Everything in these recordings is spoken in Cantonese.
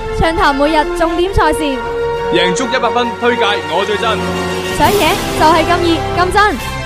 都暢談每日重點賽事，贏足一百分，推介我最真，想贏就係咁易咁真。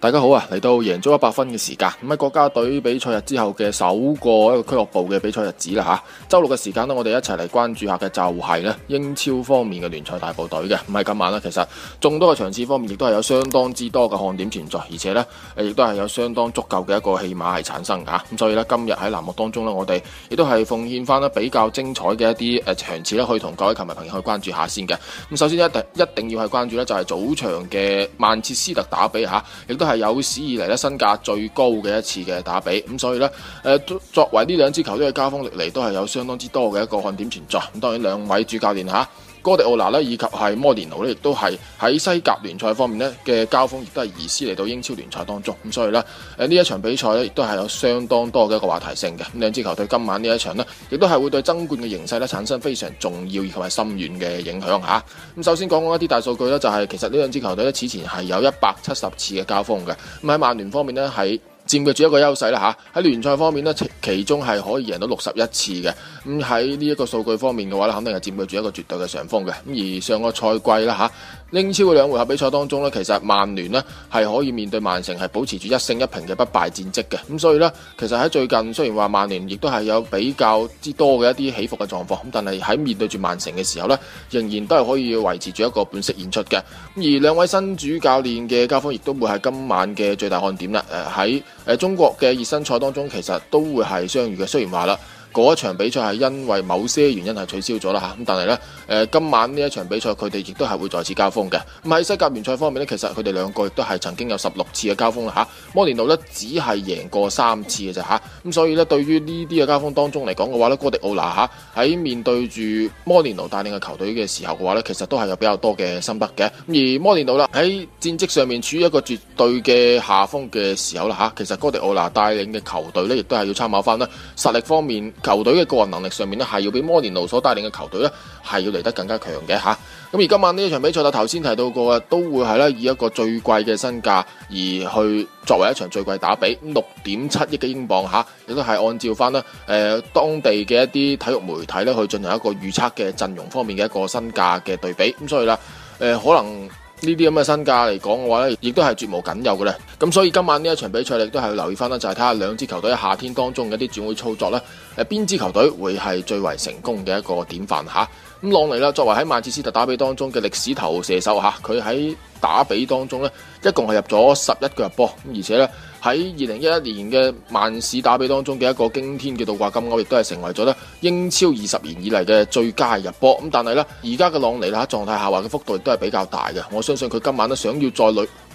大家好啊！嚟到贏咗一百分嘅時間，咁喺國家隊比賽日之後嘅首個一個俱樂部嘅比賽日子啦嚇。周六嘅時間呢，我哋一齊嚟關注一下嘅就係咧英超方面嘅聯賽大部隊嘅。唔係今晚啦，其實眾多嘅場次方面亦都係有相當之多嘅看點存在，而且呢亦都係有相當足夠嘅一個戲碼係產生嚇。咁所以呢，今日喺欄目當中呢，我哋亦都係奉獻翻咧比較精彩嘅一啲誒場次咧，可以同各位球迷朋友去關注下先嘅。咁首先一定一定要係關注呢，就係早場嘅曼徹斯特打比嚇，亦都，係有史以嚟咧身價最高嘅一次嘅打比，咁所以呢，誒，作為呢兩支球隊嘅交鋒歷嚟，都係有相當之多嘅一個看點存在。咁當然兩位主教練吓。哥迪奧拿咧以及係摩連奴咧，亦都係喺西甲聯賽方面咧嘅交鋒，亦都係移師嚟到英超聯賽當中。咁所以呢，誒呢一場比賽咧，亦都係有相當多嘅一個話題性嘅。咁兩支球隊今晚呢一場呢，亦都係會對爭冠嘅形勢咧產生非常重要以及係深遠嘅影響嚇。咁首先講講一啲大數據呢，就係其實呢兩支球隊咧，此前係有一百七十次嘅交鋒嘅。咁喺曼聯方面呢，喺佔據住一個優勢啦嚇，喺聯賽方面咧，其中係可以贏到六十一次嘅。咁喺呢一個數據方面嘅話咧，肯定係佔據住一個絕對嘅上風嘅。咁而上個賽季啦嚇，英超嘅兩回合比賽當中咧，其實曼聯咧係可以面對曼城係保持住一勝一平嘅不敗戰績嘅。咁所以呢，其實喺最近雖然話曼聯亦都係有比較之多嘅一啲起伏嘅狀況，咁但係喺面對住曼城嘅時候呢，仍然都係可以維持住一個本色演出嘅。咁而兩位新主教練嘅交鋒亦都會係今晚嘅最大看點啦。誒喺中國嘅熱身賽當中，其實都會係相遇嘅。雖然話嗰一場比賽係因為某些原因係取消咗啦嚇，咁但係咧誒今晚呢一場比賽佢哋亦都係會再次交鋒嘅。咁喺西甲聯賽方面咧，其實佢哋兩個亦都係曾經有十六次嘅交鋒啦嚇。摩連奴呢，只係贏過三次嘅咋嚇，咁所以咧對於呢啲嘅交鋒當中嚟講嘅話咧，哥迪奧拿嚇喺面對住摩連奴帶領嘅球隊嘅時候嘅話咧，其實都係有比較多嘅心得嘅。咁而摩連奴啦喺戰績上面處於一個絕對嘅下風嘅時候啦嚇，其實哥迪奧拿帶領嘅球隊咧亦都係要參考翻啦，實力方面。球隊嘅個人能力上面咧，係要比摩連奴所帶領嘅球隊咧，係要嚟得更加強嘅嚇。咁而今晚呢一場比賽，我頭先提到過嘅，都會係咧以一個最貴嘅身價而去作為一場最貴打比，六點七億嘅英鎊嚇，亦都係按照翻呢誒當地嘅一啲體育媒體咧去進行一個預測嘅陣容方面嘅一個身價嘅對比。咁所以啦，誒、呃、可能。呢啲咁嘅身價嚟講嘅話呢，亦都係絕無僅有嘅咧。咁所以今晚呢一場比賽，你都係要留意返啦，就係睇下兩支球隊喺夏天當中嘅一啲轉會操作咧，誒邊支球隊會係最為成功嘅一個典範嚇。咁朗尼啦，作為喺曼徹斯特打比當中嘅歷史頭射手吓，佢喺打比當中呢一共係入咗十一個入波，而且呢喺二零一一年嘅曼市打比當中嘅一個驚天嘅倒掛金鈎，亦都係成為咗呢英超二十年以嚟嘅最佳入波。咁但係呢而家嘅朗尼啦狀態下滑嘅幅度都係比較大嘅，我相信佢今晚咧想要再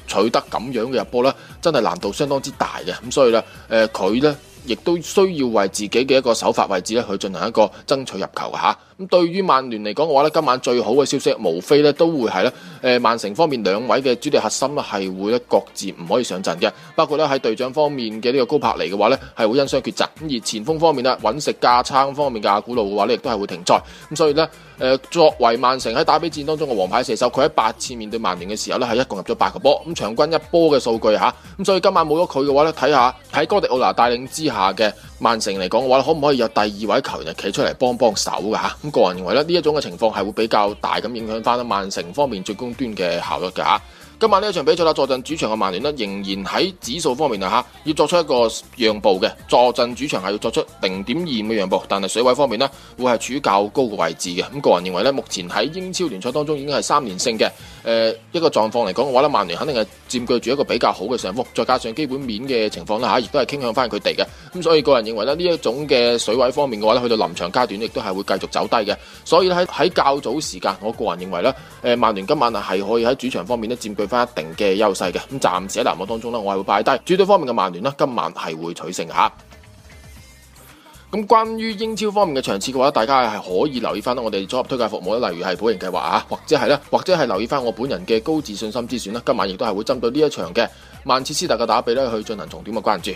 取得咁樣嘅入波咧，真係難度相當之大嘅。咁所以、呃、呢誒佢呢亦都需要為自己嘅一個首發位置咧去進行一個爭取入球吓。咁對於曼聯嚟講嘅話咧，今晚最好嘅消息，無非咧都會係咧，誒，曼城方面兩位嘅主力核心咧係會咧各自唔可以上陣嘅。包括咧喺隊長方面嘅呢個高柏尼嘅話咧係會因傷缺席。咁而前鋒方面啦，搵食架撐方面嘅阿古路嘅話咧亦都係會停賽。咁所以咧，誒，作為曼城喺打比戰當中嘅王牌射手，佢喺八次面對曼聯嘅時候咧係一共入咗八個波，咁場均一波嘅數據吓。咁所以今晚冇咗佢嘅話咧，睇下喺哥迪奧拿帶領之下。下嘅曼城嚟講嘅話，可唔可以有第二位球員企出嚟幫幫手㗎吓？咁個人認為咧，呢一種嘅情況係會比較大咁影響翻曼城方面最高端嘅效率㗎吓。今晚呢一場比賽啦，坐鎮主場嘅曼聯咧，仍然喺指數方面啊吓要作出一個讓步嘅。坐鎮主場係要作出零點二五嘅讓步，但係水位方面咧，會係處於較高嘅位置嘅。咁個人認為咧，目前喺英超聯賽當中已經係三連勝嘅，誒、呃、一個狀況嚟講嘅話，咧，曼聯肯定係佔據住一個比較好嘅上風，再加上基本面嘅情況啦吓亦都係傾向翻佢哋嘅。咁所以個人認為咧，呢一種嘅水位方面嘅話咧，去到臨場階段亦都係會繼續走低嘅。所以喺喺較早時間我個人認為咧，誒曼聯今晚啊係可以喺主場方面咧佔據。一定嘅優勢嘅，咁暫時喺藍幕當中咧，我係會擺低主隊方面嘅曼聯啦，今晚係會取勝吓。咁關於英超方面嘅場次嘅話，大家係可以留意翻我哋組合推介服務，例如係保營計劃啊，或者係咧，或者係留意翻我本人嘅高自信心之選啦，今晚亦都係會針對呢一場嘅曼徹斯特嘅打比咧去進行重點嘅關注。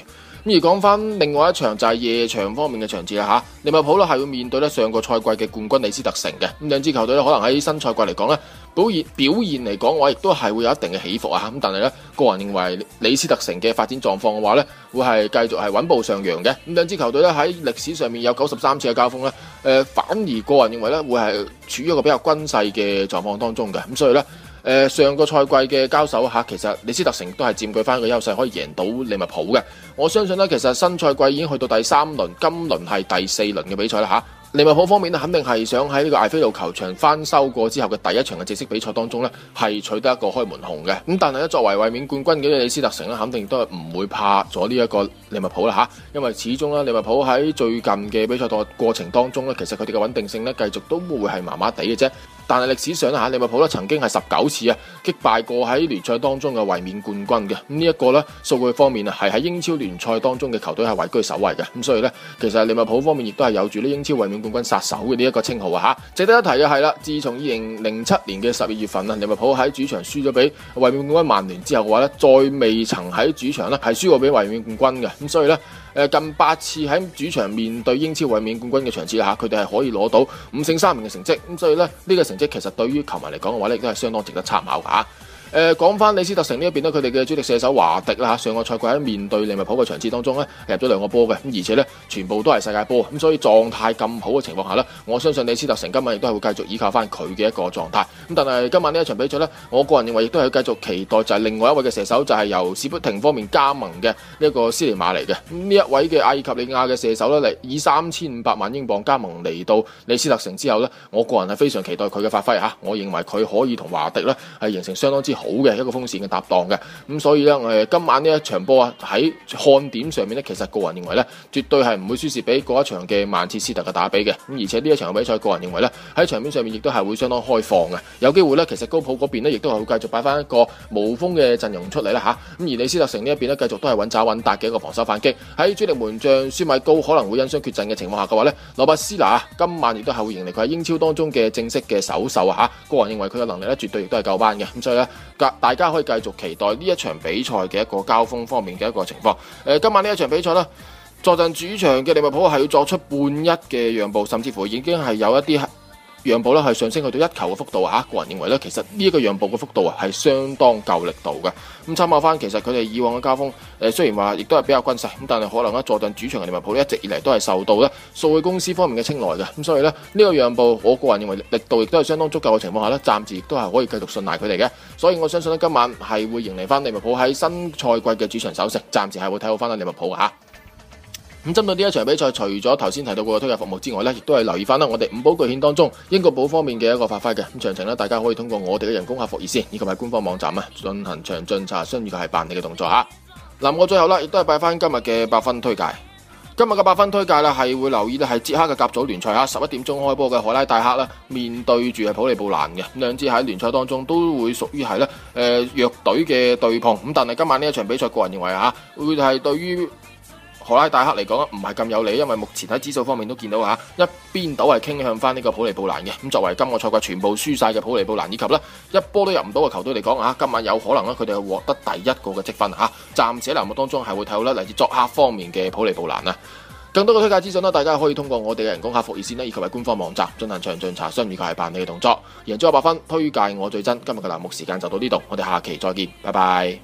咁而講翻另外一場就係夜場方面嘅場次啦嚇，利物浦呢係會面對呢上個賽季嘅冠軍李斯特城嘅，咁兩支球隊呢可能喺新賽季嚟講呢表現表現嚟講嘅話，亦都係會有一定嘅起伏啊，咁但係呢，個人認為李斯特城嘅發展狀況嘅話呢，會係繼續係穩步上揚嘅，咁兩支球隊呢，喺歷史上面有九十三次嘅交鋒呢、呃，反而個人認為呢，會係處於一個比較均勢嘅狀況當中嘅，咁所以呢。呃，上個賽季嘅交手吓，其實李斯特城都係佔據翻個優勢，可以贏到利物浦嘅。我相信呢，其實新賽季已經去到第三輪，今輪係第四輪嘅比賽啦吓。利物浦方面呢，肯定係想喺呢個艾菲路球場翻修過之後嘅第一場嘅正式比賽當中呢，係取得一個開門紅嘅。咁但係作為衛冕冠、冠軍嘅李斯特城肯定都係唔會怕咗呢一個利物浦啦吓，因為始終呢，利物浦喺最近嘅比賽過程當中呢，其實佢哋嘅穩定性呢，繼續都唔會係麻麻地嘅啫。但係歷史上吓利物浦咧，曾經係十九次啊，擊敗過喺聯賽當中嘅衛冕冠軍嘅。咁呢一個咧數據方面啊，係喺英超聯賽當中嘅球隊係位居首位嘅，咁所以咧，其實利物浦方面亦都係有住呢英超衛冕冠軍殺手嘅呢一個稱號啊，吓值得一提嘅係啦，自從二零零七年嘅十二月份啊，利物浦喺主場輸咗俾衛冕冠軍曼聯之後嘅話咧，再未曾喺主場咧係輸過俾衛冕冠軍嘅，咁所以咧。誒近八次喺主場面對英超衛冕冠軍嘅場次啦，嚇，佢哋係可以攞到五勝三平嘅成績，咁所以咧呢個成績其實對於球迷嚟講嘅話咧，亦都係相當值得參考吓。誒，講翻李斯特城呢一邊咧，佢哋嘅主力射手華迪啦吓，上個賽季喺面對利物浦嘅場次當中呢入咗兩個波嘅，咁而且呢全部都係世界波，咁所以狀態咁好嘅情況下呢，我相信李斯特城今晚亦都係會繼續依靠翻佢嘅一個狀態。咁但係今晚呢一場比賽呢，我個人認為亦都係繼續期待就係、是、另外一位嘅射手就係、是、由史普廷方面加盟嘅呢一個斯尼馬嚟嘅，咁呢一位嘅阿爾及利亞嘅射手呢，以三千五百萬英鎊加盟嚟到李斯特城之後呢，我個人係非常期待佢嘅發揮吓，我認為佢可以同華迪呢係形成相當之。好嘅一個風扇嘅搭檔嘅，咁、嗯、所以咧誒、呃、今晚呢一場波啊喺看點上面呢，其實個人認為呢，絕對係唔會輸蝕俾嗰一場嘅曼徹斯特嘅打比嘅，咁、嗯、而且呢一場嘅比賽，個人認為呢，喺場面上面亦都係會相當開放嘅，有機會呢，其實高普嗰邊咧亦都係會繼續擺翻一個無鋒嘅陣容出嚟啦吓，咁、啊嗯、而李斯特城呢一邊呢，繼續都係穩紮穩打嘅一個防守反擊，喺主力門將舒米高可能會因傷缺陣嘅情況下嘅話呢，羅伯斯拿今晚亦都係會迎嚟佢喺英超當中嘅正式嘅首秀嚇、啊，個人認為佢嘅能力呢，絕對亦都係夠班嘅，咁、嗯、所以呢。大家可以繼續期待呢一場比賽嘅一個交鋒方面嘅一個情況。呃，今晚呢一場比賽呢，坐鎮主場嘅利物浦係要作出半一嘅讓步，甚至乎已經係有一啲。讓步咧，係上升去到一球嘅幅度啊，個人認為咧，其實呢一個讓步嘅幅度啊係相當夠力度嘅。咁參考翻，其實佢哋以往嘅交鋒，誒雖然話亦都係比較均勢，咁但係可能咧坐陣主場嘅利物浦一直以嚟都係受到咧數據公司方面嘅青睞嘅。咁所以咧呢個讓步，我個人認為力度亦都係相當足夠嘅情況下咧，暫時亦都係可以繼續信賴佢哋嘅。所以我相信咧今晚係會迎嚟翻利物浦喺新賽季嘅主場首勝，暫時係會睇好翻利物浦吓。咁針對呢一場比賽，除咗頭先提到過嘅推介服務之外呢，亦都係留意翻啦，我哋五保巨險當中英國保方面嘅一個發揮嘅。咁詳情咧，大家可以通過我哋嘅人工客服熱線以及埋官方網站啊，進行詳盡查詢以及係辦理嘅動作嚇。嗱，我最後啦，亦都係拜翻今日嘅八分推介，今日嘅八分推介呢係會留意係捷克嘅甲組聯賽嚇，十一點鐘開波嘅海拉戴克啦，面對住係普利布蘭嘅，兩支喺聯賽當中都會屬於係呢誒弱隊嘅對碰，咁但係今晚呢一場比賽，個人認為嚇會係對於。荷拉戴克嚟講唔係咁有利，因為目前喺指數方面都見到吓，一邊倒係傾向返呢個普利布蘭嘅。咁作為今個賽季全部輸晒嘅普利布蘭，以及呢一波都入唔到嘅球隊嚟講啊，今晚有可能呢，佢哋係獲得第一個嘅積分啊！暫時欄目當中係會睇到呢嚟自作客方面嘅普利布蘭啦。更多嘅推介資訊呢，大家可以通過我哋嘅人工客服熱線呢，以及係官方網站進行詳盡查詢，以及係辦理嘅動作。贏足 100FUN，推介我最真。今日嘅欄目時間就到呢度，我哋下期再見，拜拜。